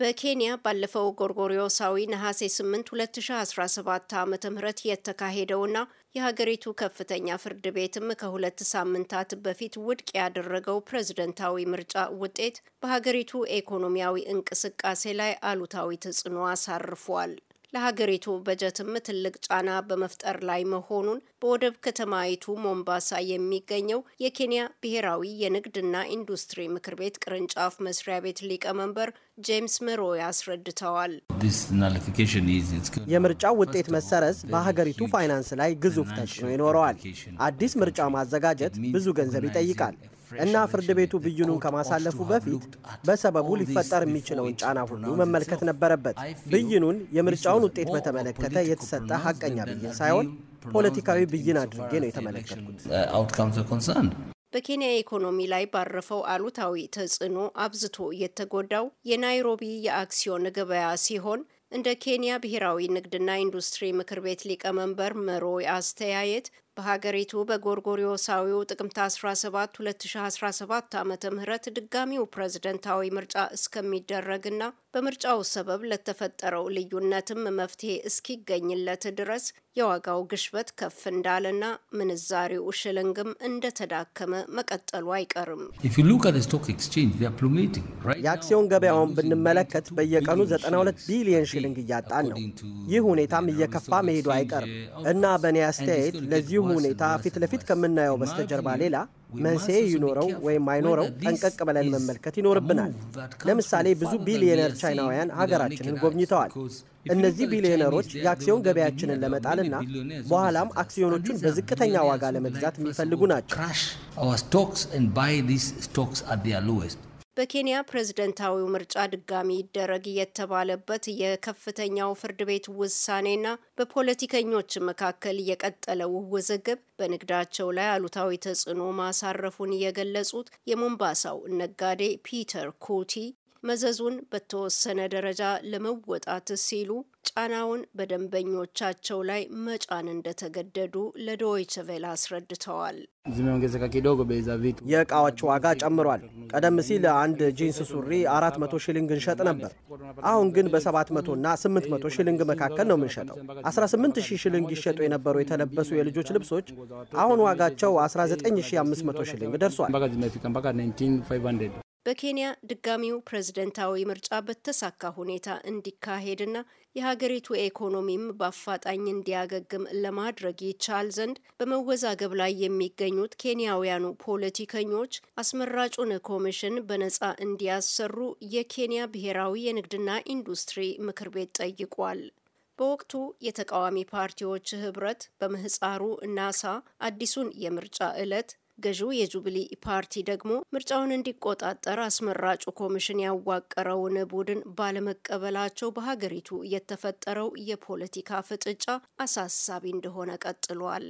በኬንያ ባለፈው ጎርጎሪዮሳዊ ነሐሴ 8 2017 ዓ ም የተካሄደውና የሀገሪቱ ከፍተኛ ፍርድ ቤትም ከሁለት ሳምንታት በፊት ውድቅ ያደረገው ፕሬዝደንታዊ ምርጫ ውጤት በሀገሪቱ ኢኮኖሚያዊ እንቅስቃሴ ላይ አሉታዊ ተጽዕኖ አሳርፏል። ለሀገሪቱ በጀትም ትልቅ ጫና በመፍጠር ላይ መሆኑን በወደብ ከተማይቱ ሞምባሳ የሚገኘው የኬንያ ብሔራዊ የንግድና ኢንዱስትሪ ምክር ቤት ቅርንጫፍ መስሪያ ቤት ሊቀመንበር ጄምስ ምሮ ያስረድተዋል። የምርጫው ውጤት መሰረዝ በሀገሪቱ ፋይናንስ ላይ ግዙፍ ተጽዕኖ ይኖረዋል። አዲስ ምርጫ ማዘጋጀት ብዙ ገንዘብ ይጠይቃል። እና ፍርድ ቤቱ ብይኑን ከማሳለፉ በፊት በሰበቡ ሊፈጠር የሚችለውን ጫና ሁሉ መመልከት ነበረበት። ብይኑን የምርጫውን ውጤት በተመለከተ የተሰጠ ሀቀኛ ብይን ሳይሆን ፖለቲካዊ ብይን አድርጌ ነው የተመለከትኩት። በኬንያ ኢኮኖሚ ላይ ባረፈው አሉታዊ ተጽዕኖ አብዝቶ የተጎዳው የናይሮቢ የአክሲዮን ገበያ ሲሆን እንደ ኬንያ ብሔራዊ ንግድና ኢንዱስትሪ ምክር ቤት ሊቀመንበር መሮይ አስተያየት በሀገሪቱ በጎርጎሪዮሳዊው ጥቅምት 17 2017 ዓ ም ድጋሚው ፕሬዝደንታዊ ምርጫ እስከሚደረግና በምርጫው ሰበብ ለተፈጠረው ልዩነትም መፍትሄ እስኪገኝለት ድረስ የዋጋው ግሽበት ከፍ እንዳለና ምንዛሪው ሽልንግም እንደተዳከመ መቀጠሉ አይቀርም። የአክሲዮን ገበያውን ብንመለከት በየቀኑ 92 ቢሊዮን ሽልንግ እያጣን ነው። ይህ ሁኔታም እየከፋ መሄዱ አይቀርም እና በእኔ አስተያየት ለዚሁ ሁኔታ ፊት ለፊት ከምናየው በስተጀርባ ሌላ መንስኤ ይኖረው ወይም አይኖረው ጠንቀቅ ብለን መመልከት ይኖርብናል። ለምሳሌ ብዙ ቢሊዮነር ቻይናውያን ሀገራችንን ጎብኝተዋል። እነዚህ ቢሊዮነሮች የአክሲዮን ገበያችንን ለመጣልና በኋላም አክሲዮኖቹን በዝቅተኛ ዋጋ ለመግዛት የሚፈልጉ ናቸው። በኬንያ ፕሬዝደንታዊው ምርጫ ድጋሚ ይደረግ የተባለበት የከፍተኛው ፍርድ ቤት ውሳኔና በፖለቲከኞች መካከል የቀጠለው ውዝግብ በንግዳቸው ላይ አሉታዊ ተጽዕኖ ማሳረፉን የገለጹት የሞምባሳው ነጋዴ ፒተር ኩቲ መዘዙን በተወሰነ ደረጃ ለመወጣት ሲሉ ጫናውን በደንበኞቻቸው ላይ መጫን እንደተገደዱ ለዶይቸ ቬለ አስረድተዋል። የእቃዎች ዋጋ ጨምሯል። ቀደም ሲል አንድ ጂንስ ሱሪ 400 ሺሊንግ እንሸጥ ነበር። አሁን ግን በ700 ና 800 ሺሊንግ መካከል ነው የምንሸጠው። 18000 ሺሊንግ ይሸጡ የነበሩ የተለበሱ የልጆች ልብሶች አሁን ዋጋቸው 19500 ሺሊንግ ደርሷል። በኬንያ ድጋሚው ፕሬዝደንታዊ ምርጫ በተሳካ ሁኔታ እንዲካሄድና የሀገሪቱ ኢኮኖሚም በአፋጣኝ እንዲያገግም ለማድረግ ይቻል ዘንድ በመወዛገብ ላይ የሚገኙት ኬንያውያኑ ፖለቲከኞች አስመራጩን ኮሚሽን በነጻ እንዲያሰሩ የኬንያ ብሔራዊ የንግድና ኢንዱስትሪ ምክር ቤት ጠይቋል። በወቅቱ የተቃዋሚ ፓርቲዎች ህብረት በምህፃሩ ናሳ አዲሱን የምርጫ ዕለት ገዢው የጁብሊ ፓርቲ ደግሞ ምርጫውን እንዲቆጣጠር አስመራጩ ኮሚሽን ያዋቀረውን ቡድን ባለመቀበላቸው በሀገሪቱ የተፈጠረው የፖለቲካ ፍጥጫ አሳሳቢ እንደሆነ ቀጥሏል።